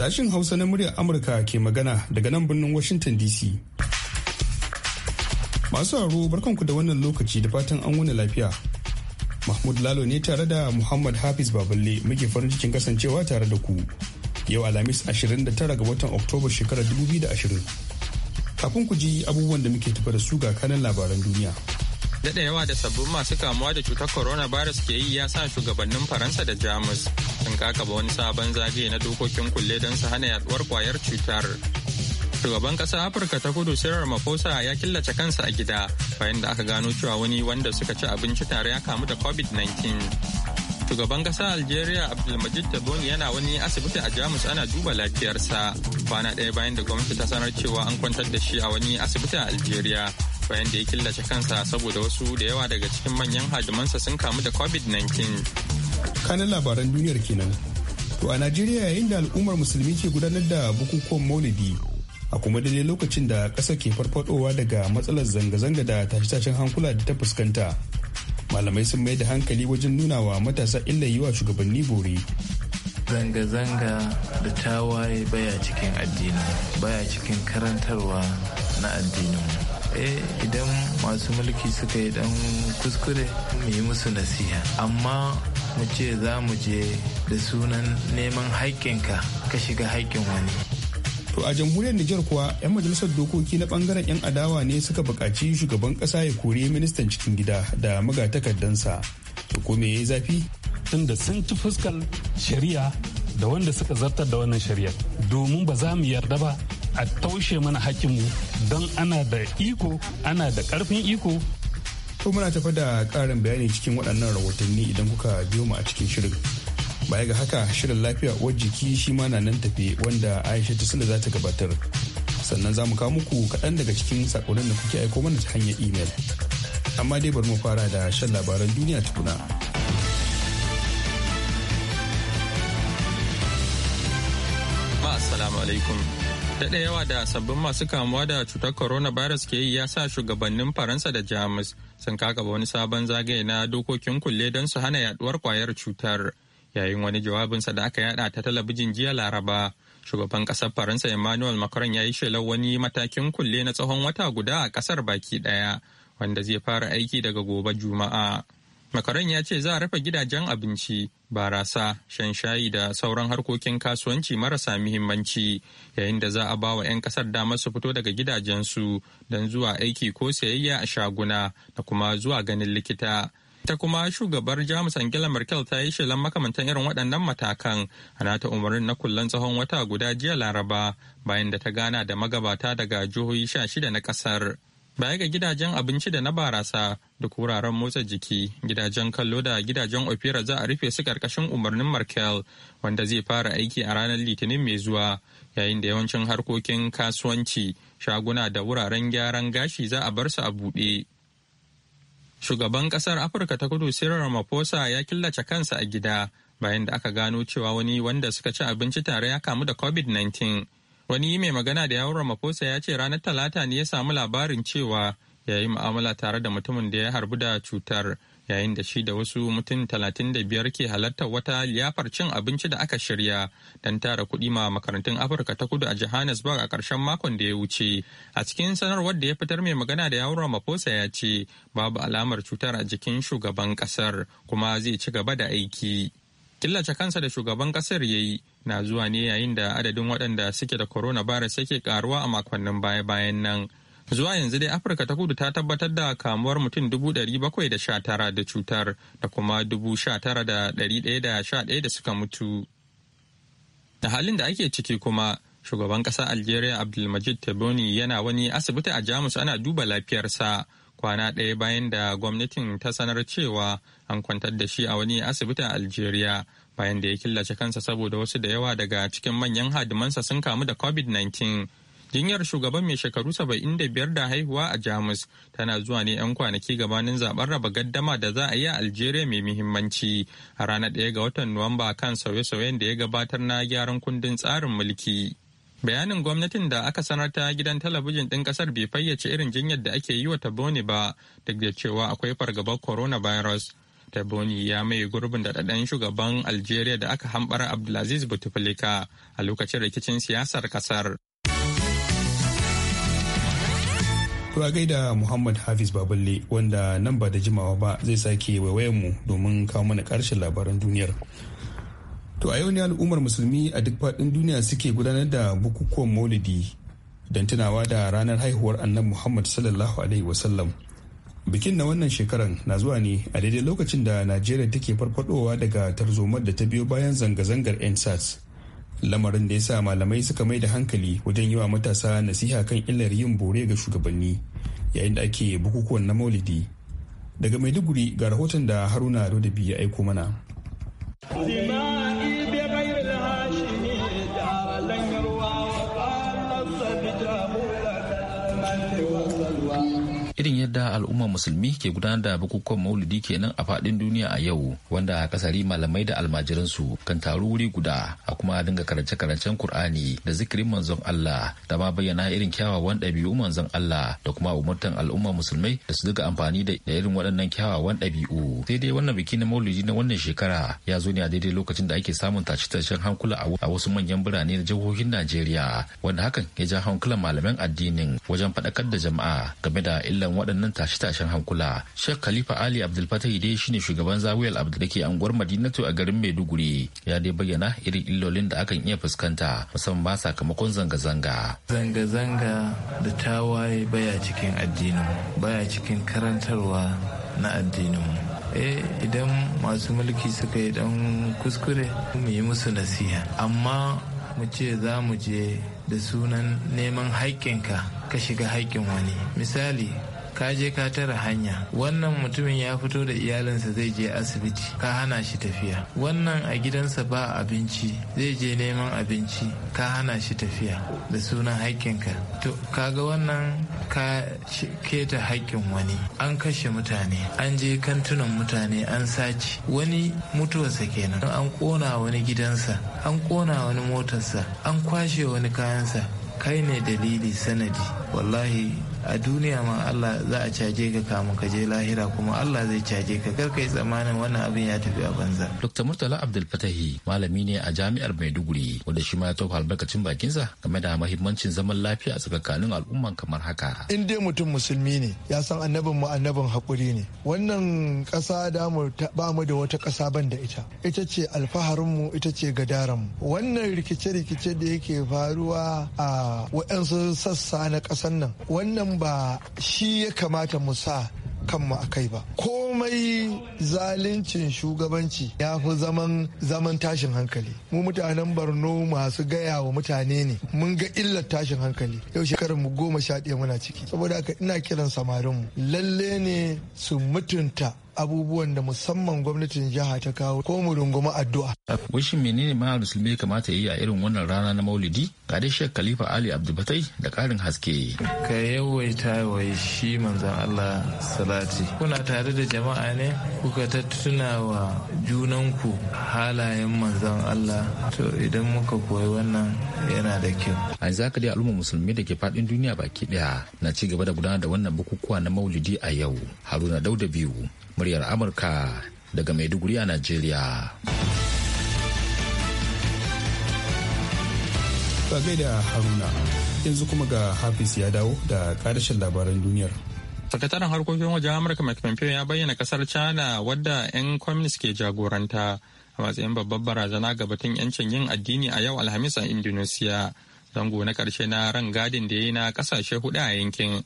Sashin Hausa na muryar Amurka ke magana daga nan birnin Washington DC. Masu haro barkanku da wannan lokaci da fatan an wani lafiya. Mahmud Lalo ne tare da Muhammad Hafiz Baballe muke farin cikin kasancewa tare da ku. Yau Alhamis 29 ga watan Oktoba shekarar 2020. Kafin ku ji abubuwan da muke tafa da su ga kanan labaran duniya. daɗa yawa da sabbin masu kamuwa da cutar coronavirus ke yi ya sa shugabannin faransa da jamus sun kakaba wani sabon zabe na dokokin kulle don su hana yaduwar kwayar cutar shugaban ƙasar afirka ta kudu sirar mafosa ya killace kansa a gida bayan da aka gano cewa wani wanda suka ci abinci tare ya kamu da covid-19 shugaban ƙasar algeria abdulmajid tabon yana wani asibiti a jamus ana duba lafiyarsa kwana ɗaya bayan da gwamnati ta sanar cewa an kwantar da shi a wani asibiti a algeria bayan da ya killace kansa saboda wasu da yawa daga cikin manyan hadimansa sun kamu da covid-19 kanin labaran duniyar kenan to a najeriya yayin da al'ummar musulmi ke gudanar da bukukuwan maulidi a kuma daidai lokacin da ƙasar ke farfadowa daga matsalar zanga-zanga da tashe-tashen hankula da ta fuskanta malamai sun mai da hankali wajen nuna wa matasa illa yi wa shugabanni bori. zanga-zanga da tawaye baya cikin addini baya cikin karantarwa na addinin eh idan masu mulki suka yi dan kuskure mu yi musu nasiha amma mu ce za mu je da sunan neman haƙƙinka ka shiga haƙƙin wani To a jamhuriyar Nijar kuwa 'yan majalisar dokoki na bangaren 'yan adawa ne suka bukaci shugaban ƙasa ya kore ministan cikin gida da magatakardansa. To kome ya yayi zafi? Tunda sun ci fuskar shari'a da wanda suka zartar da wannan shari'ar. Domin ba za mu yarda ba a taushe mana hakinmu don ana da iko ana da ƙarfin iko. To muna tafa da ƙarin bayani cikin waɗannan rahotanni idan kuka biyo mu a cikin shirin. baya ga haka shirin lafiya uwar jiki shi ma na nan tafe wanda aisha ta sula za ta gabatar sannan za mu kawo muku kaɗan daga cikin sakonnin da kuke aiko mana ta hanyar imel amma dai bari mu fara da shan labaran duniya tukuna Assalamu alaikum. Daɗa yawa da sabbin masu kamuwa da cutar coronavirus ke yi ya sa shugabannin Faransa da Jamus sun kaka wani sabon zagaye na dokokin kulle don su hana yaduwar kwayar cutar. yayin wani jawabinsa da aka yada ta talabijin jiya laraba shugaban kasar faransa emmanuel macron ya yi shelar wani matakin kulle na tsawon wata guda a kasar baki daya wanda zai fara aiki daga gobe juma'a macron ya ce za a rufe gidajen abinci barasa shan shayi da sauran harkokin kasuwanci marasa muhimmanci yayin da za a ba wa 'yan kasar damar su fito daga gidajensu don zuwa aiki ko sayayya a shaguna da kuma zuwa ganin likita ta kuma shugabar jamus angela merkel ta yi shelan makamantan irin waɗannan matakan a nata umarnin na kullen tsawon wata guda jiya laraba bayan da ta gana da magabata daga jihohi sha shida na ƙasar baya ga gidajen abinci da na barasa duk wuraren motsa jiki gidajen kallo da gidajen opera za a rufe su ƙarƙashin umarnin merkel wanda zai fara aiki a ranar litinin mai zuwa yayin da yawancin harkokin kasuwanci shaguna da wuraren gyaran gashi za a bar su a buɗe Shugaban kasar Afirka ta kudu Cyril Ramaphosa ya killace kansa a gida bayan da aka gano cewa wani wanda suka ci abinci tare ya kamu da COVID-19. Wani mai magana da yawon Ramaphosa ya ce ranar Talata ne ya samu labarin cewa ya mu'amala tare da mutumin da ya harbu da cutar yayin da shi da wasu mutum talatin da biyar ke halartar wata liyafar cin abinci da aka shirya don tara kuɗi ma makarantun afirka ta kudu a johannesburg a ƙarshen makon da ya wuce a cikin sanarwar da ya fitar mai magana da yawon maposa ya ce babu alamar cutar a jikin shugaban ƙasar kuma zai ci gaba da aiki killace kansa da shugaban ƙasar ya yi na zuwa ne yayin da adadin waɗanda suke da coronavirus yake karuwa a makonnin baya-bayan nan Zuwa yanzu dai Afirka ta kudu ta tabbatar da kamuwar mutum dubu ɗari bakwai da sha tara da cutar da kuma dubu sha tara da ɗari ɗaya da sha ɗaya da suka mutu. Da halin da ake ciki kuma shugaban ƙasa Algeria Abdulmajid tebboni yana wani asibiti a Jamus ana duba lafiyarsa kwana ɗaya bayan da gwamnatin ta sanar cewa an kwantar da shi a wani asibiti a Algeria bayan da ya killace kansa saboda wasu da yawa daga cikin manyan hadimansa sun kamu da COVID-19. jinyar shugaban mai shekaru 75 da haihuwa a jamus tana zuwa ne 'yan kwanaki gabanin zaben raba gaddama da za a yi a algeria mai muhimmanci a ranar ɗaya ga watan nuwamba kan sauye-sauyen da ya gabatar na gyaran kundin tsarin mulki bayanin gwamnatin da aka sanar ta gidan talabijin ɗin ƙasar bai fayyace irin jinyar da ake yi wa taboni ba duk da cewa akwai fargabar coronavirus Taboni ya mai gurbin da ɗaɗɗan shugaban Algeria da aka hambara Abdulaziz Bouteflika a lokacin rikicin siyasar ƙasar. To gaida Muhammad Hafiz Baballe wanda nan ba da jimawa ba zai sake waiwayen mu domin kawo mana karshen labaran duniyar. To a yau ne al'ummar musulmi a duk faɗin duniya suke gudanar da bukukuwan maulidi don tunawa da ranar haihuwar annabi Muhammad sallallahu alaihi wasallam. Bikin na wannan shekaran na zuwa ne a daidai lokacin da Najeriya take farfadowa daga tarzomar da ta biyo bayan zanga-zangar 'yan lamarin da ya sa malamai suka mai da hankali wajen yi wa matasa nasiha kan illar yin bore ga shugabanni yayin da ake bukukuwan na maulidi daga maiduguri ga rahoton da haruna dodabi ya aiko mana yadda al'ummar musulmi ke gudanar da bukukuwan maulidi kenan a faɗin duniya a yau wanda a kasari malamai da almajiransu kan taru wuri guda a kuma dinga karance-karancen Kur'ani da zikirin manzon Allah da ma bayyana irin kyawawan ɗabi'u manzon Allah da kuma umurtan al'ummar musulmai da su dinga amfani da irin waɗannan kyawawan ɗabi'u. Sai dai wannan biki na maulidi na wannan shekara ya zo ne a daidai lokacin da ake samun tashe-tashen hankula a wasu manyan birane na jihohin Najeriya wanda hakan ya ja hankulan malaman addinin wajen faɗakar da jama'a game da illan waɗannan nan tashi tashen hankula sheikh khalifa ali Abdul abdulfatahi dai shine shugaban Zawiyal abdu da ke anguwar madinatu a garin maiduguri ya dai bayyana irin illolin da akan iya fuskanta musamman ba sakamakon zanga-zanga zanga-zanga da tawaye baya cikin addinin baya cikin karantarwa na addinin eh idan masu mulki suka yi dan kuskure mu yi musu nasiha amma mu ce za mu je da sunan neman haƙƙinka ka shiga haƙƙin wani misali ka je ka tara hanya wannan mutumin ya fito da iyalinsa zai je asibiti ka hana shi tafiya wannan a gidansa ba abinci zai je neman abinci ka hana shi tafiya da sunan haƙƙinka to kaga wannan ka keta haƙƙin wani an kashe mutane an je kantunan mutane an sace wani mutuwarsa kenan an kona wani gidansa an kona wani motarsa an kwashe wani kayansa kai ne dalili sanadi wallahi a duniya ma Allah za a caje ka kamun ka je lahira kuma Allah zai caje ka kar kai tsammanin wannan abin ya tafi a banza. Dr. Murtala Abdul Fatahi malami ne a jami'ar Maiduguri wanda shi ma ya tofa albarkacin bakinsa game da mahimmancin zaman lafiya a tsakanin al'umma kamar haka. In dai mutum musulmi ne ya san annabin mu annabin hakuri ne wannan ƙasa da mu ba mu da wata ƙasa ban da ita ita ce alfaharin mu ita ce gadaran mu wannan rikice-rikice da yake faruwa a waɗansu sassa na ƙasar nan wannan ba shi ya kamata mu sa kanmu a kai ba komai zaluncin shugabanci ya fi zaman zaman tashin hankali mu mutanen barno masu gaya wa mutane ne mun ga illar tashin hankali yau shekarar mu goma sha ɗaya muna ciki saboda haka ina kiran samarin mu lalle ne su mutunta abubuwan da musamman gwamnatin jiha ta kawo ko mu rungumi addu'a. Wishin menene ma musulmi kamata yi a irin wannan rana na maulidi? ga shek Sheikh Khalifa Ali Abdulbatai da karin haske. Ka yawaita wa shi manzon Allah salati. Kuna tare da jama'a ne kuka tattuna wa junanku halayen manzon Allah. To idan muka koyi wannan yana da kyau. A yanzu haka dai al'ummar musulmi da ke faɗin duniya baki ɗaya na ci gaba da gudanar da wannan bukukuwa na Maulidi a yau. Haruna Dauda biyu muryar Amurka daga Maiduguri a Najeriya. Ga gaida Haruna. Yanzu kuma ga Hafiz ya dawo da karshen labaran duniyar. Sakataren harkokin wajen Amurka Mike Pompeo ya bayyana kasar China wadda 'yan communist ke jagoranta a matsayin babbar barazana ga batun 'yancin yin addini a yau Alhamis a Indonesia. Zango na karshe na ran gadin da ya yi na kasashe hudu a yankin.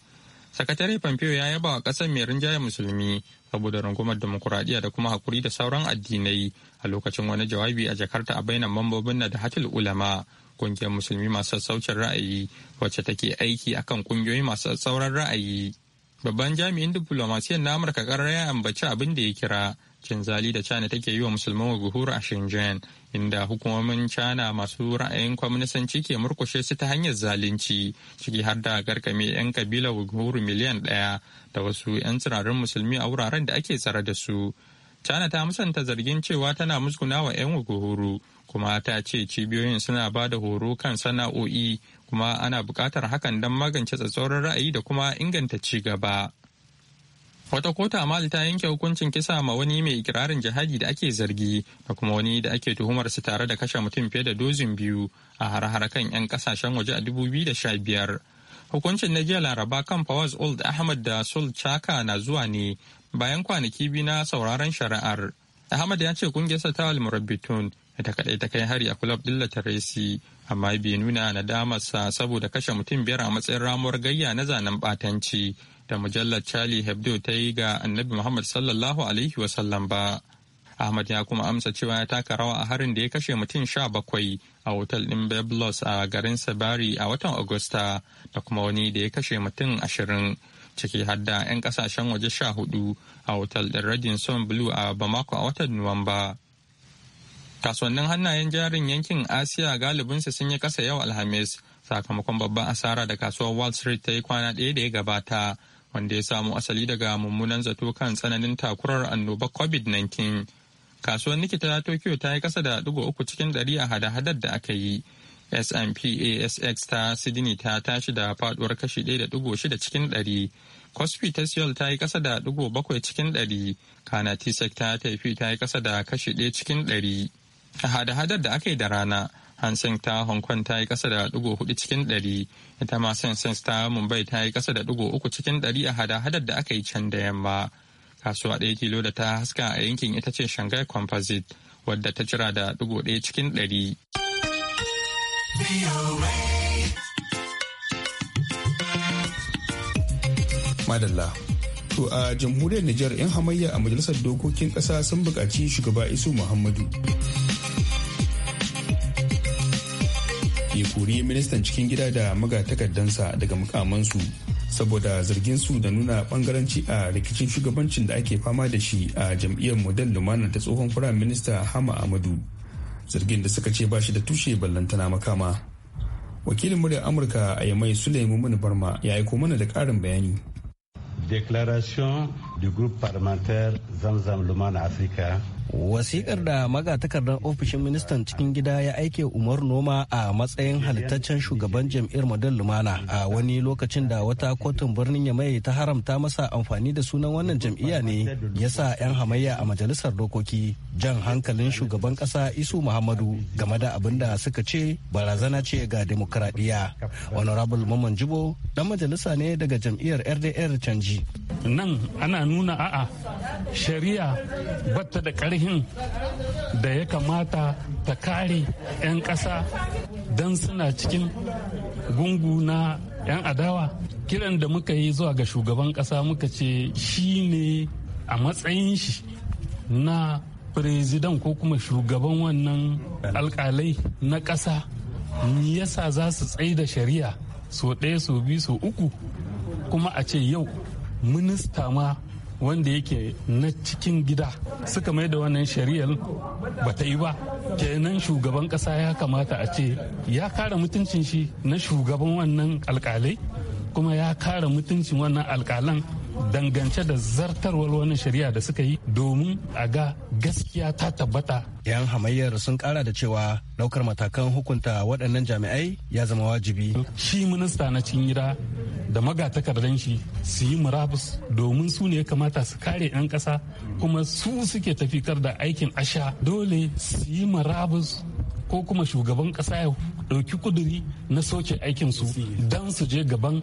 sakatare pompeo ya yaba wa kasar mai rinjaye musulmi saboda rungumar demokuraɗiyya da kuma hakuri da sauran addinai a lokacin wani jawabi a jakarta a bainar mambobin na da hatil ulama kungiyar musulmi masu sassaucin ra'ayi wacce take aiki akan kungiyoyi masu sauran ra'ayi babban jami'in diplomasiyyar na amurka karar ya ambaci abin da ya kira cin zali da china take yi wa musulman guhuru a shenzhen inda hukumomin china masu ra'ayin kwamnisanci ke murkushe su ta hanyar zalunci ciki har da garkame 'yan kabila guhuru miliyan ɗaya da wasu 'yan tsirarin musulmi a wuraren da ake tsare da su china ta musanta zargin cewa tana musguna wa 'yan guhuru kuma ta ce cibiyoyin suna ba da horo kan sana'o'i kuma ana buƙatar hakan don magance tsatsauran ra'ayi da kuma inganta ci gaba. Wata kota Mali ta yanke hukuncin kisa ma wani mai ikirarin jihadi da ake zargi da kuma wani da ake tuhumar su tare da kashe mutum fiye da dozin biyu a har-har kan 'yan kasashen waje a 2015. Hukuncin na jiya Laraba kan Fawaz Old Ahmad da Sul Chaka na zuwa ne bayan kwanaki biyu na sauraron shari'ar. Ahmad ya ce kungiyarsa ta Al-Murabbitun ta kadai ta kai hari a kulab din La amma bai nuna nadamarsa saboda kashe mutum biyar a matsayin ramuwar gayya na zanen batanci da mujallar Charlie Hebdo ta yi ga Annabi Muhammad sallallahu alaihi wa sallam ba. Ahmad ya kuma amsa cewa ya taka rawa a harin da ya kashe mutum sha bakwai a otal din Beblos a garin Sabari a watan Agusta da kuma wani da ya kashe mutum ashirin ciki har da 'yan kasashen waje sha hudu a otal ɗin sun Blue a Bamako a watan Nuwamba. Kasuwannin hannayen jarin yankin Asiya galibinsa sun yi kasa yau Alhamis sakamakon babban asara da kasuwar Wall Street ta yi kwana ɗaya da ya gabata wanda ya samu asali daga mummunan zato kan tsananin takurar annobar COVID-19. Kasuwar Nikita Tokyo ta yi kasa da uku cikin ɗari a hada-hadar da aka yi smpasx ta Sydney ta tashi da faduwar kashi 1.6 cikin 100. cosby ta Seoul ta yi kasa da 0.7 cikin 100. Kana Tisek ta tafi ta yi kasa da kashi 1 cikin 100. A hada-hadar da aka yi da rana, Hansen ta Hong Kong ta yi kasa da 0.4 cikin 100. Ita ma Sensex ta Mumbai ta yi kasa da 0.3 cikin 100 a hada-hadar da aka yi can da yamma. Kasuwa ɗaya kilo da ta haska a yankin ita ce Shanghai Composite, wadda ta jira da 0.1 cikin 100. Madalla. To a jamhuriyar Nijar 'yan hamayya a majalisar dokokin ƙasa sun buƙaci shugaba Isu Muhammadu. Ya kori ministan cikin gida da magatakardansa daga mukamansu saboda zarginsu da nuna bangaranci a rikicin shugabancin da ake fama da shi a jam'iyyar model lumana ta tsohon firayim minista Hama ahmadu. zargin da suka ce ba shi da tushe ballantana makama wakilin muryar amurka a yamai suleiman mini barma ya aiko mana da karin bayani declaration du groupe parlementaire zamzam luman africa Wasikar da magatakardar ofishin ministan cikin gida ya aike Umar Noma a matsayin halittaccen shugaban jam'iyyar Model Lumana a wani lokacin da wata kotun birnin Yamai ta haramta masa amfani da sunan wannan jam'iyya ne ya sa 'yan hamayya a majalisar dokoki jan hankalin shugaban kasa Isu Muhammadu game da abin da suka ce barazana ce ga demokradiyya. Honorable Maman Jibo dan majalisa ne daga jam'iyyar RDR canji. Nan ana nuna a'a shari'a batta da tarihin da ya kamata ta kare 'yan ƙasa don suna cikin gungu na 'yan adawa kiran da muka yi zuwa ga shugaban ƙasa muka ce shi ne a matsayin shi na firizidan ko kuma shugaban wannan alkalai na ƙasa yasa za su tsaye da shari'a so ɗaya so biyu so uku kuma a ce yau minista ma wanda yake na cikin gida suka mai da wannan shari'ar ba ta yi ba kenan shugaban kasa ya kamata a ce ya kara mutuncin shi na shugaban wannan alkalai kuma ya kara mutuncin wannan alkalan dangance da zartarwar wani shari'a da suka yi domin a ga gaskiya ta tabbata. 'Yan hamayyar sun kara da cewa daukar matakan hukunta waɗannan jami'ai ya zama wajibi. Shi minista na cikin gida da magatakardan shi su yi murabus domin su ne ya kamata su kare 'yan ƙasa kuma su suke tafikar da aikin asha dole su yi murabus ko kuma shugaban ƙasa ya ɗauki kuduri na soke aikinsu don su je gaban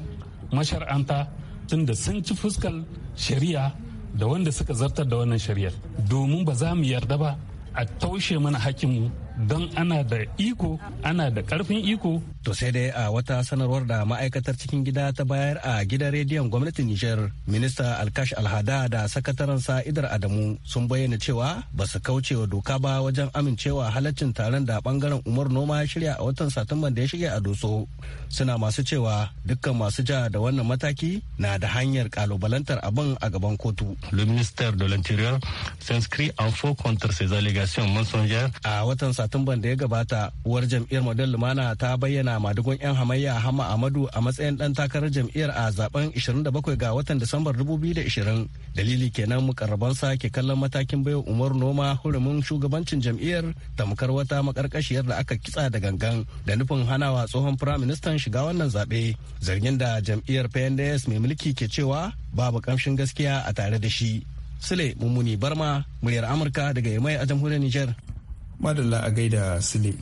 mashar'anta tun da sun ci fuskar shari'a da wanda suka zartar da wannan shari'ar domin ba za mu yarda ba a taushe mana hakinmu don ana da iko ana da karfin iko to sai dai a wata sanarwar da ma'aikatar cikin gida ta bayar a gidan rediyon gwamnatin nijar minista alkash alhada da sakatarensa idar adamu sun bayyana cewa ba su kauce wa doka ba wajen amincewa halaccin taron da bangaren umar noma ya shirya a watan satumban da ya shirya a doso suna masu cewa dukkan masu ja da wannan mataki na da hanyar kalubalantar abin a gaban kotu le ministère de l'interieur s'inscrit en faux contre ces allégations mensongères a watan Satumban da ya gabata, uwar jam'iyyar Model Lumana ta bayyana madugun 'yan hamayya Hama Amadu a matsayin dan takarar jam'iyyar a zaben 27 ga watan Disambar 2020. Dalili kenan mukarrabansa ke kallon matakin baiwa Umar Noma hurumin shugabancin jam'iyyar tamkar wata makarkashiyar da aka kitsa da gangan da nufin hanawa tsohon firaministan shiga wannan zaɓe. Zargin da jam'iyyar PNDS mai mulki ke cewa babu kamshin gaskiya a tare da shi. Sule Mummuni Barma, muryar Amurka daga Yamai a jamhuriyar Nijar. madalla a gaida sule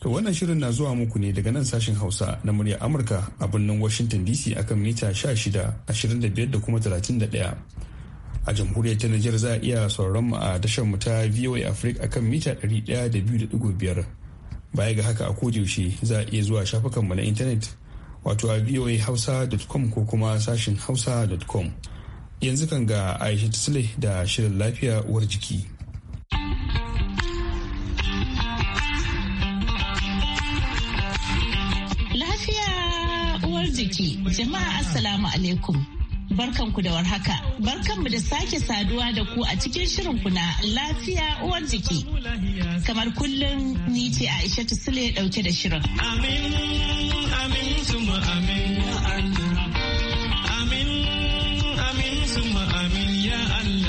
to wannan shirin na zuwa muku ne daga nan sashen hausa na murya amurka a birnin washington dc akan mita 16 ashirin da kuma 31 a jamhuriyar ta Nijar za a iya sauraron mu a tashar mu ta VOA Africa akan mita da da biyu 102.5 baya ga haka a yaushe za a iya zuwa shafukan mu na intanet wato a hausa com ko kuma sashin hausa.com yanzu kan ga Aisha Tisle da shirin lafiya uwar jiki. ciki. Jama'a Assalamu alaikum. Barkanku da warhaka. Barkanmu da sake saduwa da ku a cikin shirin na lafiya uwar jiki. Kamar kullum ni ce Aisha Sule dauke da shirin. Amin, amin, suma amin ya Allah. Amin, amin, suma amin ya Allah.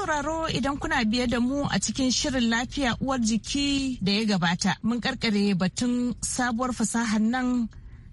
sauraro idan kuna biye da mu a cikin shirin lafiya uwar jiki da ya gabata mun karkare batun sabuwar fasahar nan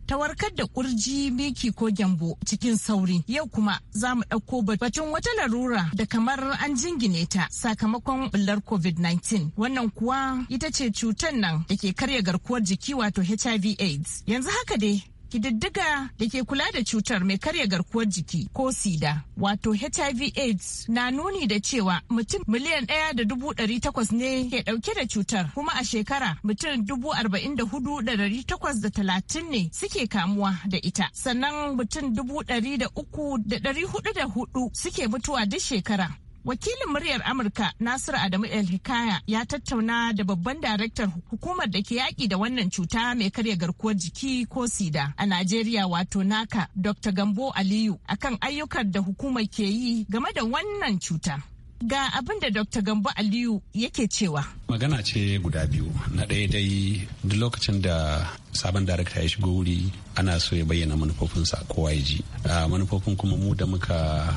ta warkar da kurji miki ko gyambo cikin sauri yau kuma za mu ɗauko batun wata larura da kamar an jingine ta sakamakon bullar covid-19 wannan kuwa ita ce cutar nan da ke karya garkuwar jiki wato hiv aids yanzu haka dai kididdiga da ke kula da cutar mai karya garkuwar jiki ko sida wato hiv aids na nuni da cewa mutum miliyan ɗaya da dubu ɗari takwas ne ke ɗauke da cutar kuma a shekara mutum dubu arba'in da hudu da ɗari takwas da talatin ne suke kamuwa da ita sannan mutum dubu ɗari da uku da ɗari hudu da hudu suke mutuwa duk shekara Wakilin muryar Amurka Nasiru Adamu El Hikaya ya tattauna da babban daraktar hukumar da ke yaƙi da wannan cuta mai karya garkuwar jiki ko sida a Najeriya wato naka Dr. Gambo Aliyu akan ayyukan da hukumar ke yi game da wannan cuta. Ga abin da Dr. Gambo Aliyu yake cewa. Magana ce guda biyu. Na ɗaya dai duk lokacin da sabon darakta ya shigo wuri ana so ya bayyana manufofinsa kowa ya ji. Manufofin kuma mu da muka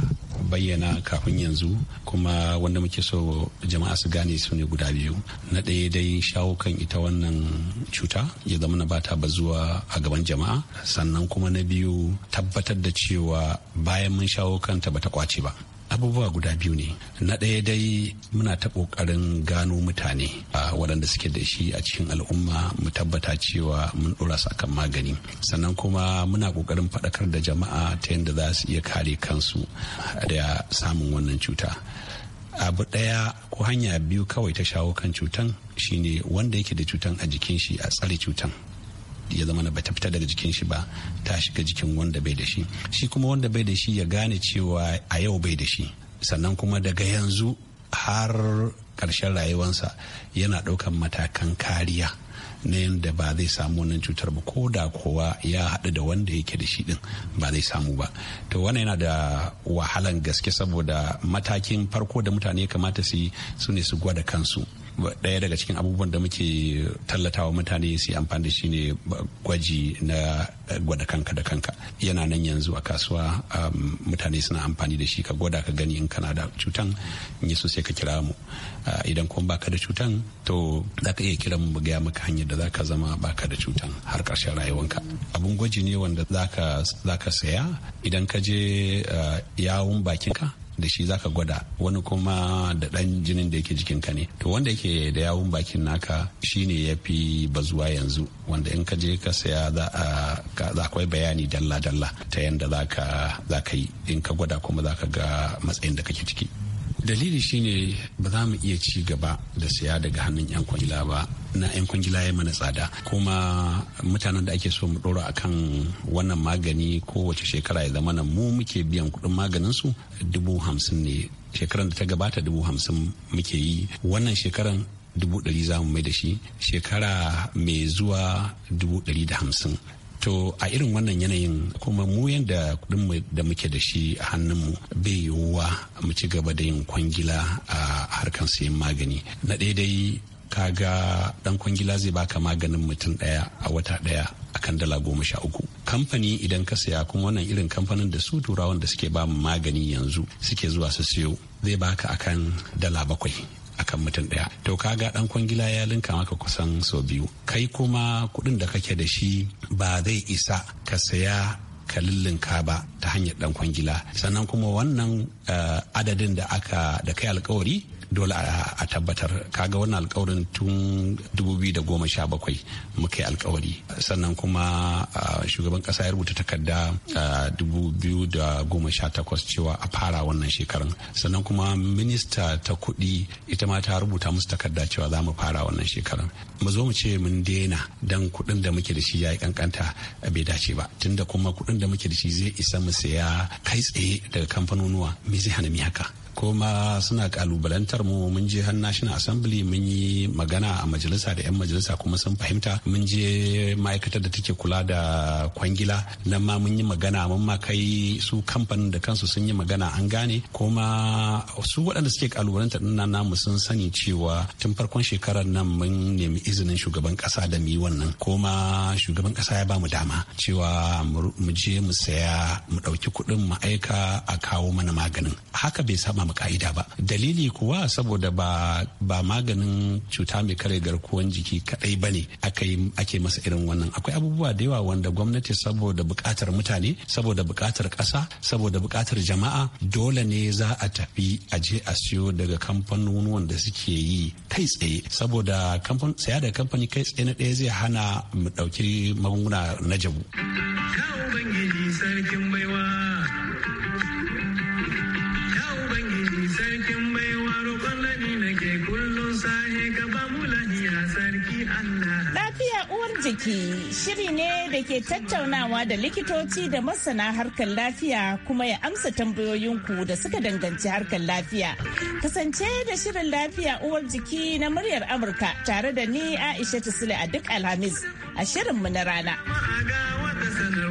bayyana kafin yanzu kuma wanda muke so jama'a su gane su ne guda biyu na ɗaya dai shawo kan ita wannan cuta ya zama na bata zuwa a gaban jama'a sannan kuma na biyu tabbatar da cewa bayan mun shawo kanta bata kwace ba abubuwa guda biyu ne na ɗaya dai muna ta ƙoƙarin gano mutane a waɗanda suke da shi a cikin al'umma mu tabbata cewa mun ɗora su akan magani sannan kuma muna ƙoƙarin faɗakar da jama'a ta yadda za su iya kare kansu da samun wannan cuta abu ɗaya ko hanya biyu kawai ta shawo kan cutan shine wanda yake da cutan a jikin shi a tsare cutan ya zama na bata fita daga jikin shi ba ta shiga jikin wanda bai da shi shi kuma wanda bai da shi ya gane cewa a yau bai da shi sannan kuma daga yanzu har karshen rayuwansa yana ɗaukan matakan kariya na yadda ba zai samu wannan cutar ba ko da kowa ya haɗu da wanda yake da shi ɗin ba zai samu ba to wannan yana da wahalan gaske saboda matakin farko da mutane kamata su yi su ne su gwada kansu Daya daga cikin abubuwan da muke tallatawa mutane su yi amfani da shi ne gwaji na eh, gwada kanka da kanka yana nan yanzu a kasuwa um, mutane suna amfani da shi ka gwada ka gani in kana da cutan in so sai ka kira mu ah, idan kuma baka da cutan to za ka iya kiran mu gaya maka hanyar da za ka zama baka da cutan har ƙarshen rayuwanka abun gwaji ne wanda za ka saya idan ka je eh, yawun bakinka da shi zaka gwada wani kuma da ɗan jinin da yake ka ne to wanda yake da yawun bakin naka shine yafi bazuwa yanzu wanda in ka je ka saya za a akwai bayani dalla-dalla ta yanda za ka yi in ka gwada kuma za ka ga matsayin da kake ciki. dalili shine ba za mu iya ci gaba da siya daga hannun 'yan kwangila ba na 'yan kwangila ya mana tsada kuma mutanen da ake so mu dora akan wannan magani kowace shekara ya zama mu muke biyan kuɗin maganin su dubu hamsin ne shekaran da ta gabata dubu hamsin muke yi wannan shekaran dubu ɗari za mu mai da shi shekara mai zuwa dubu ɗari da hamsin to a irin wannan yanayin kuma mu yadda kudin da muke da shi a hannunmu bai yiwuwa mu ci gaba da yin kwangila a harkar sayan magani na daidai ga ɗan kwangila zai baka maganin mutum daya a wata daya kan dala goma sha uku kamfani idan ka saya kuma wannan irin kamfanin da su turawan da suke ba magani yanzu suke zuwa su siyo zai baka akan dala bakwai akan mutum daya to kaga dan kwangila ya linka maka kusan sau biyu kai kuma kuɗin da kake da shi ba zai isa ka saya ka lullunka ba ta hanyar dan kwangila sannan kuma wannan eh, adadin da aka da kai alkawari dole a tabbatar kaga wannan alkawarin tun 2017 muka yi alkawari sannan kuma shugaban kasa ya rubuta takarda 2018 cewa a fara wannan shekarun sannan kuma minista ta kuɗi ita ma ta rubuta musu takarda cewa za mu fara wannan shekarun mu zo mu ce mun daina dan kuɗin da muke da shi ya yi kankanta bai dace ba tunda kuma kuɗin da muke da shi zai isa mu saya kai tsaye daga kamfanonuwa me zai hana mi haka Koma suna kalubalantar mu mun je har national assembly mun yi magana a majalisa da 'yan majalisa kuma sun fahimta mun je ma'aikatar da take kula da kwangila nan ma mun yi magana mun ma kai su kamfanin da kansu sun yi magana an gane kuma su waɗanda suke kalubalantar nan namu sun sani cewa tun farkon shekarar nan mun nemi izinin shugaban ƙasa da mu yi wannan kuma shugaban ƙasa ya ba mu dama cewa mu je mu saya mu ɗauki kuɗin mu aika a kawo mana maganin haka bai sama. samu ka'ida ba dalili kuwa saboda ba ba maganin cuta mai kare garkuwan jiki kadai ba ne ake masa irin wannan akwai abubuwa da yawa wanda gwamnati saboda bukatar mutane saboda bukatar kasa saboda bukatar jama'a dole ne za a tafi a je a siyo daga kamfanin wanda suke yi kai tsaye saboda saya da kamfani kai tsaye na ɗaya zai hana mu ɗauki magunguna na jabu. aiki shiri ne da ke tattaunawa da likitoci da masana harkar lafiya kuma ya amsa tambayoyinku da suka danganci harkar lafiya. Kasance da shirin lafiya uwar jiki na muryar Amurka tare da ni Aisha Sule a duk Alhamis a shirinmu na rana.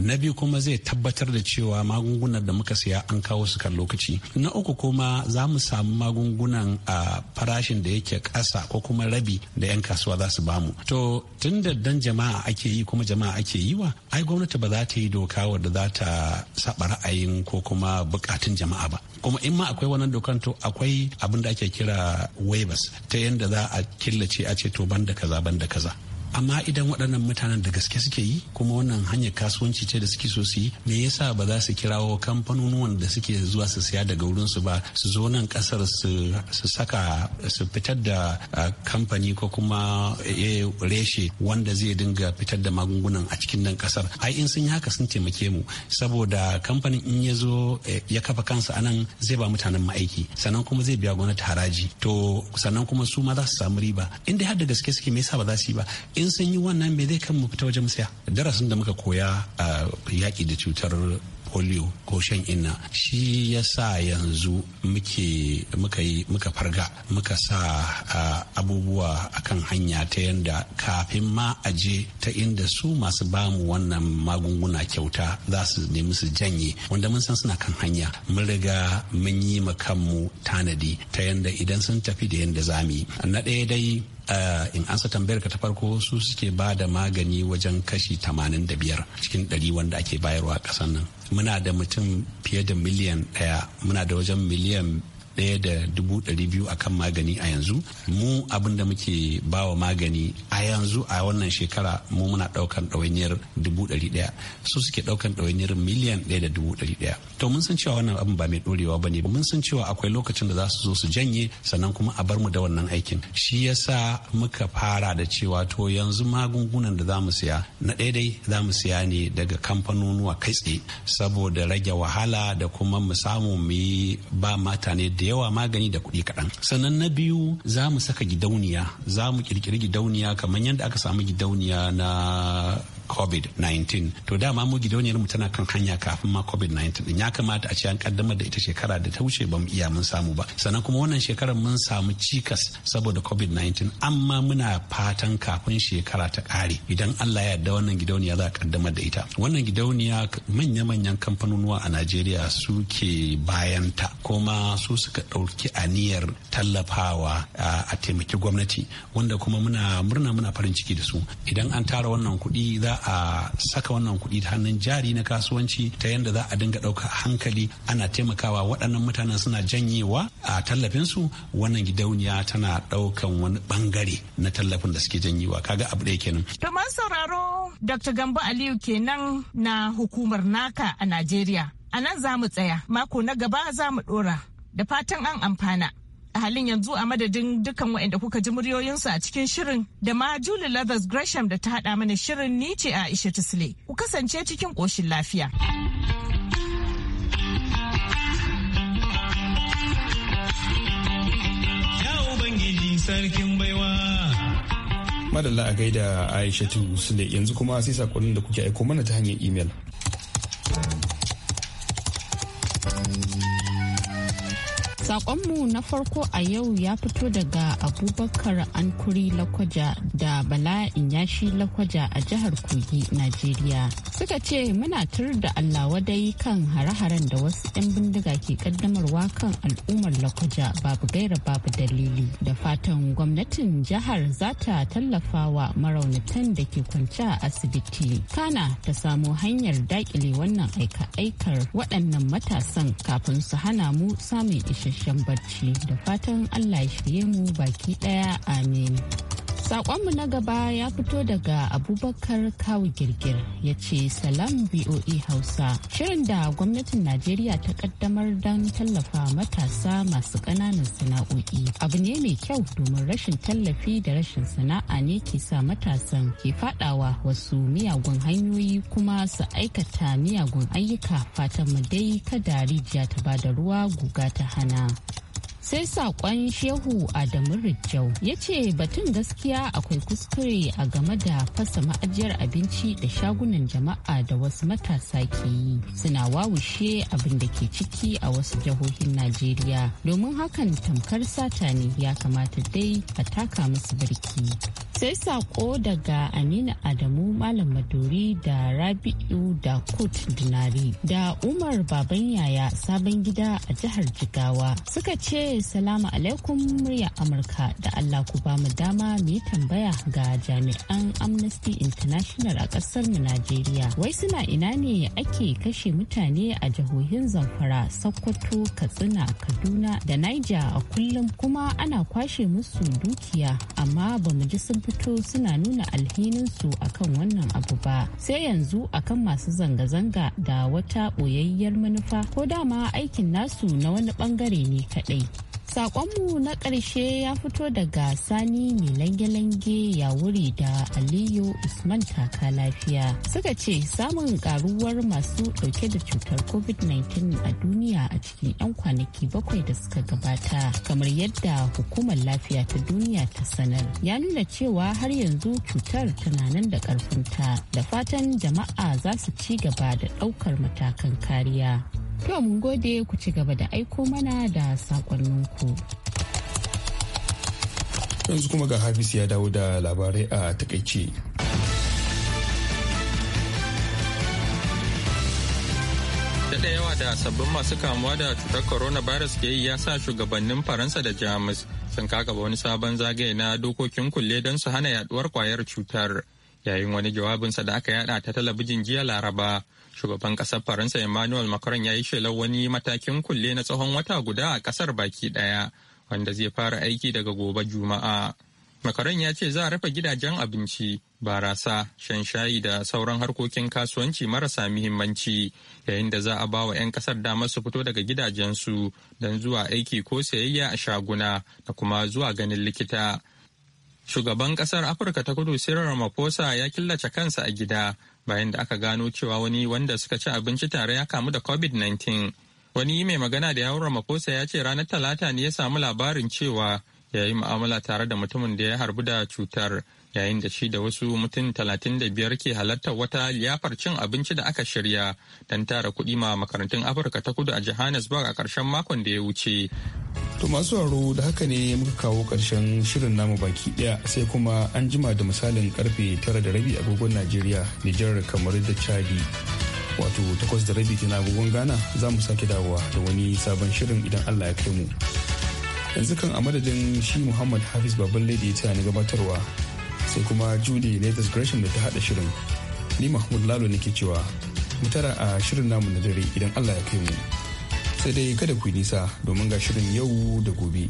na biyu kuma zai tabbatar da cewa magungunan da muka siya an kawo su kan lokaci na uku kuma za mu samu magungunan a farashin da yake ƙasa ko kuma rabi da 'yan kasuwa za su bamu to tun da dan jama'a ake yi kuma jama'a ake yi wa ai gwamnati ba za ta yi doka wadda za ta saba ra'ayin ko kuma bukatun jama'a ba kuma in ma akwai wannan dokan to akwai abin da ake kira waivers ta yanda za a killace a ce to banda kaza banda kaza amma idan waɗannan mutanen da gaske suke yi kuma wannan hanyar kasuwanci ce da suke so su yi me yasa ba za su kirawo kamfanonuwan da suke zuwa su siya daga wurin su ba su zo nan kasar su saka su fitar da kamfani ko kuma eh, reshe wanda zai dinga fitar da magungunan a cikin nan kasar ai in sun yi haka sun taimake mu saboda kamfanin in ya zo eh, ya kafa kansa anan zai ba mutanen ma'aiki sannan kuma zai biya gwamnati haraji to sannan kuma su ma za su samu riba inda har da gaske suke me yasa ba za su yi ba in sun yi wannan me zai kan mu fita wajen saya. darasin da muka koya a yaƙi da cutar polio ko shan inna shi ya sa yanzu muke muka yi muka farga muka sa abubuwa akan hanya ta yadda kafin ma a je ta inda su masu bamu wannan magunguna kyauta za su nemi su janye wanda mun san suna kan hanya mun riga mun yi kanmu tanadi ta yanda idan sun tafi da yanda za yi na ɗaya dai Eh, in ansa tambayar ka ta farko su suke ba da magani wajen kashi 85 cikin 100 wanda ake bayarwa a ƙasar nan muna da mutum fiye da miliyan daya muna da wajen miliyan daya da dubu ɗari biyu a kan magani a yanzu mu abin da muke bawa magani a yanzu a wannan shekara mu muna ɗaukan ɗawainiyar dubu ɗari ɗaya su suke ɗaukan ɗawainiyar miliyan ɗaya da dubu ɗari ɗaya to mun san cewa wannan abin ba mai ɗorewa ba ne mun san cewa akwai lokacin da za su zo su janye sannan kuma a bar mu da wannan aikin shi yasa muka fara da cewa to yanzu magungunan da za mu siya na ɗaya za mu siya ne daga kamfanonuwa kai tsaye saboda rage wahala da kuma mu samu mu yi ba mata ne da yawa magani da kuɗi kaɗan sannan na biyu za mu saka gidauniya za mu kirkiri gidauniya kamar yadda aka samu gidauniya na covid-19 to dama mu gidauniyar mu tana kan hanya kafin ma covid-19 din ya kamata a ce an kaddamar da ita shekara da ta wuce bamu iya mun samu ba sannan kuma wannan shekarar mun samu cikas saboda covid-19 amma muna fatan kafin shekara ta kare idan Allah ya yarda wannan gidauniya za a kaddamar da ita wannan gidauniya manya-manyan kamfanonuwa a Najeriya suke bayan ta kuma su suka ɗauki aniyar tallafawa a taimaki gwamnati wanda kuma muna murna muna farin ciki da su idan an tara wannan kuɗi za a saka wannan kuɗi ta hannun jari na kasuwanci ta yadda za a dinga ɗauka hankali ana taimakawa waɗannan mutanen suna janyewa a tallafinsu wannan gidauniya tana ɗaukan wani ɓangare na tallafin da suke janyewa kaga abu ɗaya kenan. to sauraro dr gambo aliyu kenan na hukumar naka a najeriya a nan za mu tsaya mako na gaba za mu ɗora da fatan an amfana a halin yanzu a madadin dukkan waɗanda kuka ji muryoyinsu a cikin shirin da ma Julie Leathers Gresham da ta haɗa mana shirin ni ce a Aisha Tisle. Ku kasance cikin ƙoshin lafiya. sarkin baiwa. Madalla a gaida Aisha Tisle yanzu kuma sai sakonin da kuke aiko mana ta hanyar imel. Sakonmu na farko a yau ya fito daga Abubakar Ankuri Lakwaja da Bala yashi Lakwaja a jihar Kogi, Najeriya. Suka ce muna tur da Allah wadai kan hare-haren da wasu 'yan bindiga ke kaddamarwa kan al'ummar Lakwaja babu gaira babu dalili. Da fatan gwamnatin jihar za ta tallafa wa maraunatan da ke kwance a asibiti. Kana ta samu hanyar daƙile wannan aika-aikar waɗannan matasan kafin su hana mu samun isasshen isasshen barci da fatan Allah ya shirye mu baki daya amin. Sakonmu na gaba ya fito daga Abubakar Kawu Girgir ya ce Salam BOE Hausa. Shirin da gwamnatin Najeriya ta kaddamar don tallafa matasa masu ƙananan sana'o'i. Abu ne mai kyau domin rashin tallafi da rashin sana'a ne ke sa matasan ke fadawa wasu miyagun hanyoyi kuma su aikata miyagun ayyuka fatan mu dai kada rijiya ta bada ruwa guga ta hana. sai sakon shehu adamu rijau ya ce batun gaskiya akwai kuskure a game da fasa ma'ajiyar abinci da shagunan jama'a da wasu matasa ke yi suna wawushe abin da ke ciki a wasu jihohin najeriya domin hakan tamkar sata ne ya kamata dai a taka musu birki sai sako daga aminu adamu malam maduri da rabi'u da kut dinari da umar baban yaya sabon gida a jihar jigawa suka ce salamu alaikum murya amurka da allah ku ba mu dama mu yi tambaya ga jami'an amnesty international a kasar mu najeriya wai suna ina ne ake kashe mutane a jihohin zamfara sokoto katsina kaduna da niger a kullum kuma ana kwashe musu dukiya amma ba mu ji sun fito suna nuna alhininsu akan wannan abu ba sai yanzu akan masu zanga-zanga da wata ɓoyayyiyar manufa ko dama aikin nasu na wani ɓangare ne kadai. Sakonmu na ƙarshe ya fito daga Sani mai lange-lange ya wuri da Aliyu Usman taka lafiya. Suka ce samun karuwar masu ɗauke da cutar COVID-19 a duniya a cikin 'yan kwanaki bakwai da suka gabata. Kamar yadda hukumar lafiya ta duniya ta sanar. Ya nuna cewa har yanzu cutar tana nan da ƙarfinta. Da fatan jama'a za su ci gaba da ɗaukar matakan kariya. To mun gode ku ci gaba da aiko mana da saƙonninku yanzu kuma ga hafiz ya dawo da labarai a takaice da yawa da sabbin masu kamuwa da cutar corona virus ke yi ya sa shugabannin faransa da jamus sun kaka wani sabon zagaye na dokokin kulle don su hana yaduwar kwayar cutar yayin wani jawabinsa da aka yada ta talabijin jiya laraba shugaban kasar faransa emmanuel macron ya yi shelar wani matakin kulle na tsawon wata guda a kasar baki daya wanda zai fara aiki daga gobe juma'a macron ya ce za a rufe gidajen abinci barasa shan shayi da sauran harkokin kasuwanci marasa muhimmanci yayin da za a ba wa 'yan kasar damar su fito daga gidajensu don zuwa aiki ko sayayya a shaguna da kuma zuwa ganin likita Shugaban kasar Afirka ta kudu sirar Ramaphosa ya killace kansa a gida bayan da aka gano cewa wani wanda suka ci abinci tare ya kamu da COVID-19. Wani mai magana da yawon Ramaphosa ya ce ranar Talata ne ya samu labarin cewa ya yi mu'amala tare da mutumin da ya harbu da cutar yayin da shi da wasu mutum talatin da biyar ke halartar wata liyafar cin abinci da aka shirya don tara kuɗi ma makarantun afirka ta kudu a johannesburg a ƙarshen makon da ya wuce to masu haro da haka ne muka kawo ƙarshen shirin namu baki ɗaya sai kuma an jima da misalin karfe tara da rabi agogon najeriya nijar kamar da chadi wato takwas da rabi kenan agogon ghana za mu sake dawowa da wani sabon shirin idan allah ya kai mu yanzu kan a madadin shi muhammad hafiz babban lady ya na gabatarwa sai kuma judy latest gresham da ta haɗa shirin ni mahmud lalo nake cewa mu tara a shirin namu na dare idan allah ya kai mu sai dai kada ku yi nisa domin ga shirin yau da gobe.